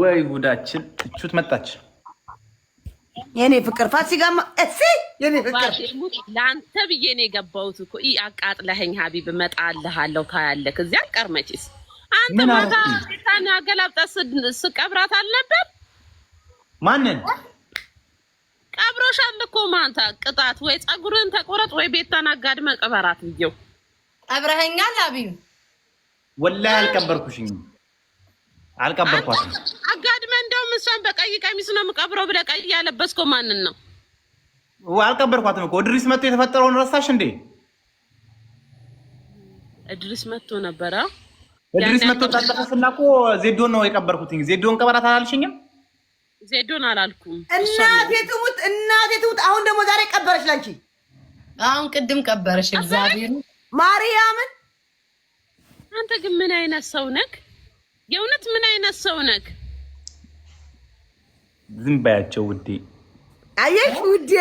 ወይ ጉዳችን እቹት መጣች። የኔ ፍቅር ፋሲካማ እሲ የኔ ፍቅር ለአንተ ብዬ ነው የገባሁት እኮ ኢ አቃጥለኸኝ፣ ሀቢብ እመጣልሃለሁ ታያለህ። እዚያ አልቀር መቼስ አንተ ማታ ታና ገላብጣ ስቀብራት አልነበር? ማንን ቀብሮሻል እኮ ማታ። ቅጣት ወይ ፀጉርህን ተቆረጥ ወይ ቤታን አጋድመህ ቅበራት ብየው ቀብረኸኛል። አብዩ ወላሂ አልቀበርኩሽኝ አልቀበርኳትም። አጋድመ እንደውም እሷን በቀይ ቀሚስ ነው የምቀብረው ብለህ ቀይ ያለበስከው ማንን ነው? አልቀበርኳትም እኮ እድሪስ መጥቶ የተፈጠረውን ረሳሽ እንዴ? እድሪስ መጥቶ ነበረ። እድሪስ መጥቶ ጣጠፈስና እኮ ዜዶን ነው የቀበርኩትኝ። ዜዶን ቀበራት አላልሽኝም? ዜዶን አላልኩም። እናቴ ትሙት፣ እናቴ ትሙት። አሁን ደግሞ ዛሬ ቀበረች ላንቺ። አሁን ቅድም ቀበረሽ። እግዚአብሔር ማርያምን። አንተ ግን ምን አይነት ሰው ነህ? የእውነት ምን አይነት ሰው ነክ? ዝም በያቸው ውዴ። አየሽ ውዴ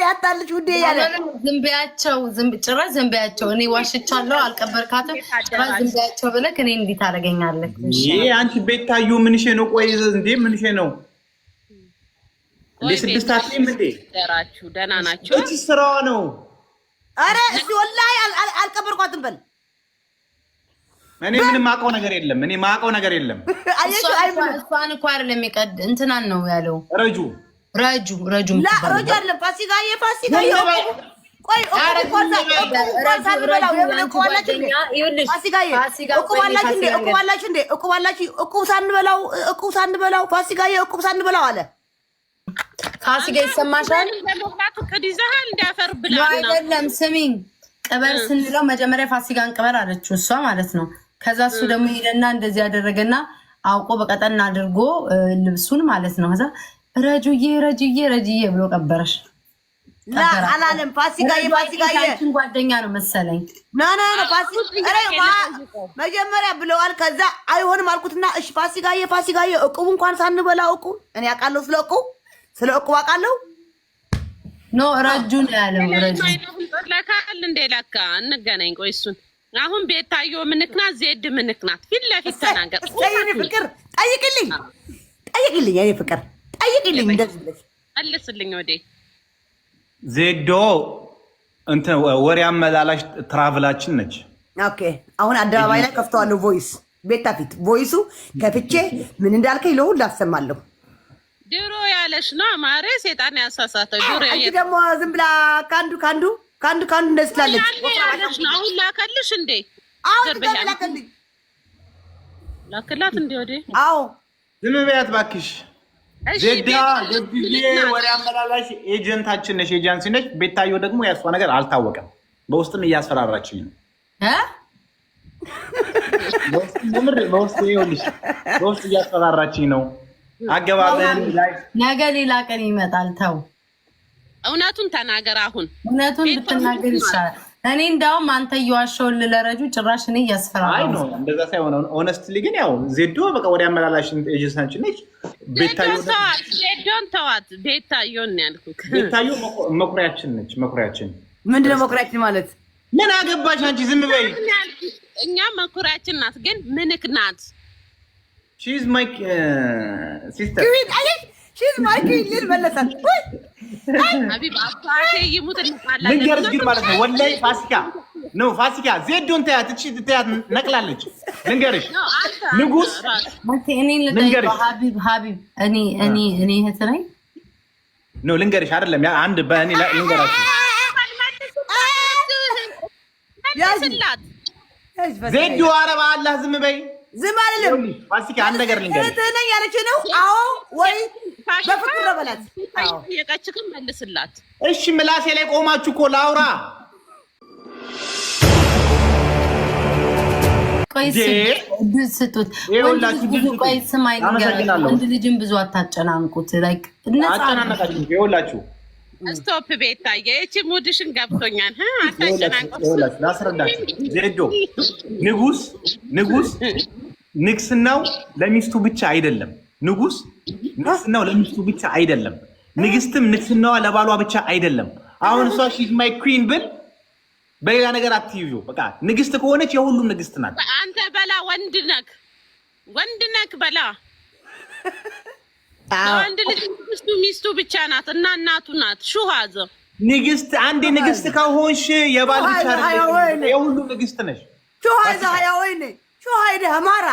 ሊያታልሽ ውዴ እያለ ዝም በያቸው፣ ጭራሽ ዝም በያቸው። እኔ ዋሽቻለሁ፣ አልቀበርካትም። ጭራሽ ዝም በያቸው ብለህ እኔ እንዴት እንዲህ ታደርገኛለህ? አንቺ ቤታዩ ምንሽ ነው? ቆይ እንዴ ምንሽ ነው? ስድስት አትሌም እንዴ? ደህና ናቸው። ስራዋ ነው። አረ ኧረ ወላሂ አልቀበርኳትም በል እኔ ምንም ማውቀው ነገር የለም። እኔ ማውቀው ነገር የለም። እሷን እኮ አይደለም የቀድ እንትናን ነው ያለው። ረጁ ረጁ ረጁ ረጁ አለ ፋሲካ የፋሲካ እቁብ እቁብ ፋሲካዬ እቁብ አለ። ይሰማሻል? አይደለም ቅበር ስንለው መጀመሪያ ፋሲካን ቅበር አለችው እሷ ማለት ነው። ከዛ እሱ ደግሞ ሄደና እንደዚህ ያደረገና አውቆ በቀጠን አድርጎ ልብሱን ማለት ነው። ከዛ ረጁዬ ረጅዬ ረጅዬ ብሎ ቀበረሽ አላለም። ፋሲካዬ ፋሲካዬ ጓደኛ ነው መሰለኝ። መጀመሪያ ብለዋል። ከዛ አይሆንም አልኩትና እሺ ፋሲካዬ ፋሲካዬ እቁቡ እንኳን ሳንበላ እቁ እኔ አውቃለሁ፣ ስለ እቁ ስለ እቁብ አውቃለሁ። ኖ ረጁ ነው ያለው። ረጁ ለካል እንዴ ለካ እንገናኝ ቆይ እሱን አሁን ቤታዮ ምንክናት ዜድ ምንክናት ፊት ለፊት ተናገር። እኔ ፍቅር ጠይቅልኝ ጠይቅልኝ እኔ ፍቅር ጠይቅልኝ እንደዚህ መልስልኝ። ወዴ ዜዶ እንትን ወሬ አመላላሽ ትራቭላችን ነች። ኦኬ አሁን አደባባይ ላይ ከፍተዋለሁ። ቮይስ ቤታ ፊት ቮይሱ ከፍቼ ምን እንዳልከኝ ለሁሉ አሰማለሁ። ድሮ ያለሽ ነው ማሬ ሴጣን ያሳሳተው ድሮ ደግሞ ዝም ብላ ከአንዱ ከአንዱ ከአንድ ከአንድ እንደዚህ ትላለች። አሁን ላከልሽ እንዴ? አሁን ላከልኝ ላክላት እንዴ? ወዴ? አዎ ዝም በያት እባክሽ። ዜዳ ገብዬ ወሬ አመላላሽ ኤጀንታችን ነሽ፣ ኤጀንሲ ነሽ። ቤታየው ደግሞ ያሷ ነገር አልታወቀም። በውስጥም እያስፈራራችኝ ነው። በውስጥ ይኸውልሽ፣ በውስጥ እያስፈራራችኝ ነው። አገባበን ነገ ሌላ ቀን ይመጣል። ተው እውነቱን ተናገር። አሁን እውነቱን ብትናገር ይሻላል። እኔ እንዲያውም አንተ እየዋሸውን ልለረጁ ጭራሽ እኔ እያስፈራራ እንደዛ ሳይሆን ኦነስትሊ ግን ያው ዜዶ በቃ ወደ አመላላሽ ኤጀንሳችን ነች። ዜዶን ተዋት፣ ቤታዮን ያልኩት ቤታዮ መኩሪያችን ነች። መኩሪያችን ምንድነው? መኩሪያችን ማለት ምን አገባሽ አንቺ? ዝም በይ። እኛ መኩሪያችን ናት፣ ግን ምንክ ናት። ሺዝ ማይ ሲስተር ሺዝ ማይ ልል መለሳት ወይ ልንገርሽ ግን ማለት ነው ወላሂ ፋሲካ ነው ፋሲካ ዜዶን ተያት እቺ ተያት ነቅላለች። ልንገርሽ ንጉስ ነው ልንገርሽ አይደለም አንድ በእኔ ልንገራችሁ ዜዶ አረባ አላህ ዝም በይ ዝም አልልም። አንድ ነገር ልንገርህ ያለች ነው። አዎ ወይ በፍቅር ነው በላት። የጠየቀችህን መልስላት። እሺ ምላሴ ላይ ቆማችሁ እኮ ላውራ። ቆይ ስጡት። ቆይ ስማ፣ ወንድ ልጅን ብዙ አታጨናንቁት። ይኸውላችሁ ስቶፕ ቤታዬ፣ እቺ ሙድሽን ገብቶኛል። አታጨናንቁት። ላስረዳችሁ ዜዶ ንጉስ ንጉስ ንግስናው ለሚስቱ ብቻ አይደለም። ንጉስ ንግስናው ለሚስቱ ብቻ አይደለም። ንግስትም ንግስናዋ ለባሏ ብቻ አይደለም። አሁን እሷ ሺዝ ማይ ኩዊን ብል በሌላ ነገር አትይዩ። በቃ ንግስት ከሆነች የሁሉም ንግስት ናት። አንተ በላ ወንድ ነክ ወንድ ነክ በላ ወንድ ልጅ ንግስቱ ሚስቱ ብቻ ናት እና እናቱ ናት። ሹሃዘ ንግስት አንዴ ንግስት ከሆንሽ የባል ብቻ የሁሉም ንግስት ነሽ። ሹሃዘ ሀያ ወይኔ ሹሃይደ አማራ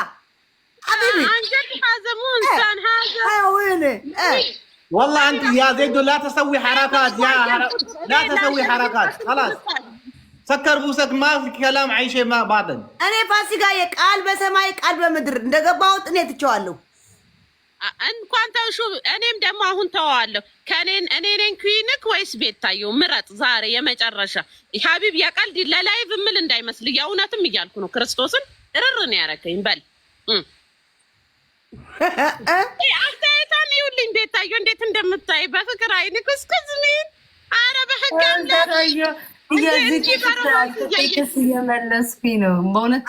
والله انت يا زيد لا تسوي حركات يا لا تسوي حركات خلاص ሰከር ቡሰት ማ ከላም አይሼ ማ እኔ ፋሲካ የቃል በሰማይ ቃል በምድር እንደገባሁት እኔ ትቼዋለሁ። እንኳን ተውሹ እኔም ደግሞ አሁን ተዋዋለሁ። ከኔን እኔ ነኝ ኩዊንክ ወይስ ቤታየው ምረጥ። ዛሬ የመጨረሻ ሀቢብ የቀልድ ለላይቭ ምል እንዳይመስል የእውነትም እያልኩ ነው። ክርስቶስን እርር ነው ያረከኝ በል አስተያየቷን ይኸውልኝ ቤታዮ እንዴት እንደምታይ በፍቅር አይን ኩስኩስ አረ በህግ ነው በእውነት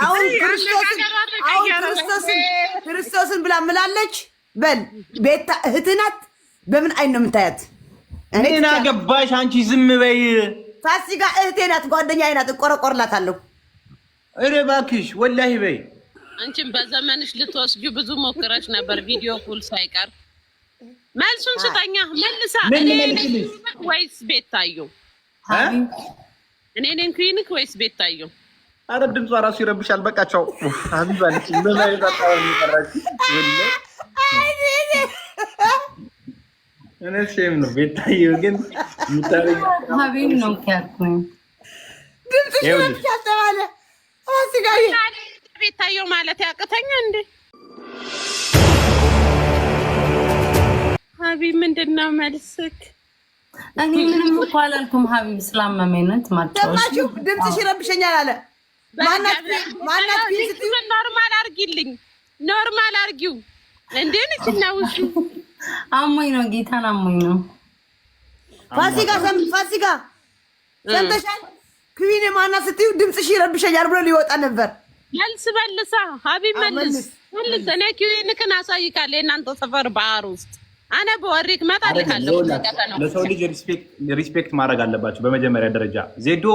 ክርስቶስን ብላ ምላለች። በል ቤታ በምን አይን ነው የምታያት? እኔን አገባሽ አንቺ ዝም በይ። ታሲ እህቴ ናት፣ ጓደኛዬ ናት። እቆረቆርላታለሁ። እባክሽ ወላሂ በይ አንቺም በዘመንሽ ልትወስጂው ብዙ ሞክረሽ ነበር፣ ቪዲዮ ኩል ሳይቀር መልሱን ስጠኛ። መልሳ ወይስ ቤት ታዩ? እኔ ነኝ ክሊኒክ ወይስ ቤት ታዩ? አረ ድምጿ ራሱ ይረብሻል። በቃቸው አንዛልሽ እኔ ነው ቤት ታዩ ግን ነው ድምጽ ይረብሻል ተባለ ቤታየው ማለት ያቅተኛ እንዴ? ሀቢ ምንድን ነው መልስክ? እኔ ምንም እኮ አላልኩም። ሀቢብ ስላመመኝ ነው ማጫወት። ድምፅሽ ይረብሸኛል አለ ኖርማል አርጊልኝ፣ ኖርማል አርጊው። እንዴን ችናው አሞኝ ነው፣ ጌታን አሞኝ ነው። ፋሲካ ፋሲካ ሰምተሻል? ክቢኔ ማና ስትዩ ድምፅሽ ይረብሸኛል ብሎ ሊወጣ ነበር መልስ መልሳ ሀቢብ መልስ መልስ። እኔ ኪዩኒክን አሳይካለሁ የእናንተ ሰፈር ባህር ውስጥ አነ በወሪክ መጣልካለሁ። ለሰው ልጅ ሪስፔክት ማድረግ አለባቸው። በመጀመሪያ ደረጃ ዜዶ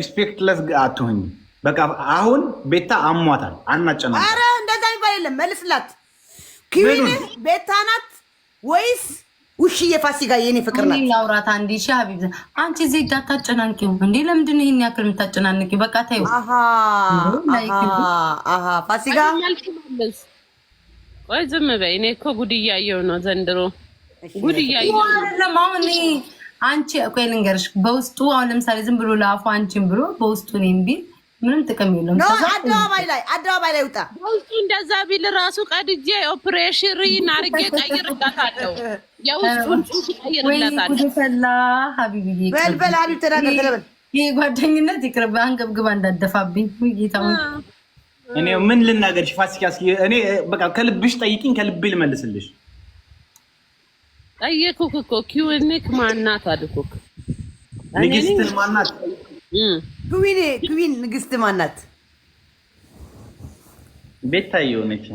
ሪስፔክት ለስ አትሁኝ። በቃ አሁን ቤታ አሟታል። አናጨና ኧረ እንደዛ የሚባል የለም። መልስላት ኪዩኒ ቤታ ናት ወይስ ውሺ የፋሲካ የኔ ፍቅር ናት። ላውራት አንድ ሺ ሀቢብ አንቺ እዚህ ዜድ አታጨናንቂው እንዴ? ለምንድን ይህን ያክል የምታጨናንቂ? በቃ ታዩ ፋሲካ ወይ ዝም በይ። እኔ እኮ ጉድ እያየው ነው ዘንድሮ ጉድ እያየው አሁን አንቺ ቆይ ልንገርሽ፣ በውስጡ አሁን ለምሳሌ ዝም ብሎ ለአፉ አንቺን ብሎ በውስጡ እኔም ቢል ምንም ጥቅም የለም። አደባባይ ላይ አደባባይ ላይ ውጣ። ውስጡ እንደዛ ቢል ራሱ ቀድጄ ኦፕሬሽን አርጌ ቀይርላታለሁ። የውስጡን ጽሑፍ ቀይርላታለሁ። ይሄ ጓደኝነት ይቅርብ። አንገብግባ እንዳደፋብኝ ጌታ እኔ ምን ልናገርሽ? ፋሲካ እስኪ እኔ በቃ ከልብሽ ጠይቂኝ፣ ከልቤ ልመልስልሽ። ጠየኩክ እኮ ኪውኒክ ማናት አልኩክ። ንግስትን ማናት ክዊን ግዊን ንግስት ማናት? ቤታዬ ሆነች።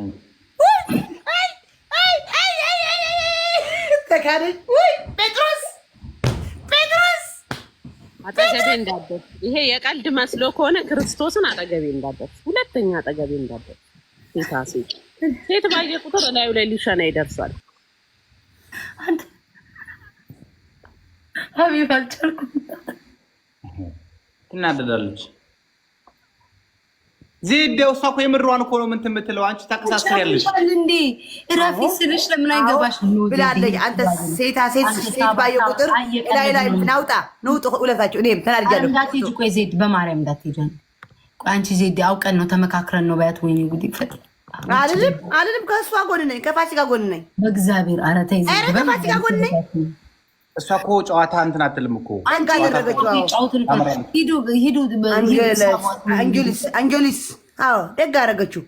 ጴጥሮስ ጴጥሮስ አጠገቤ እንዳደርስ። ይሄ የቀልድ መስሎ ከሆነ ክርስቶስን አጠገቤ እንዳደርስ፣ ሁለተኛ አጠገቤ እንዳደርስ። ሴታ ሴት ሴት ባየ ቁጥር ላዩ ላይ ሊሸና ይደርሳል። አልቻልኩም። ትናደዳለች። ዜዴው እሷ እኮ የምሯን እኮ ነው ምን ትምትለው አንቺ ታቀሳስሪያለሽ እንዴ? እረፊ ስልሽ ለምን አይገባሽ ብላለች። አንተ ሴታ ሴት ሴት ባየ ቁጥር ላይ ላይ ናውጣ ንውጥ ሁለታቸው እኔም ተናድጃለሁ። እንዳትሄጂ እኮ ዜድ በማርያም እንዳትሄጂ አንቺ ዜድ አውቀን ነው ተመካክረን ነው ባያት። ወይኔ ጉድ ይፈጥ አልልም አልልም። ከእሷ ጎን ነኝ፣ ከፋሲካ ጎን ነኝ። በእግዚአብሔር ኧረ ተይ ዜድ ከፋሲካ ጎን ነኝ እሷ እኮ ጨዋታ እንትን አትልም እኮ አንተ አደረገችው። አንጀሊስ ደግ አደረገችው።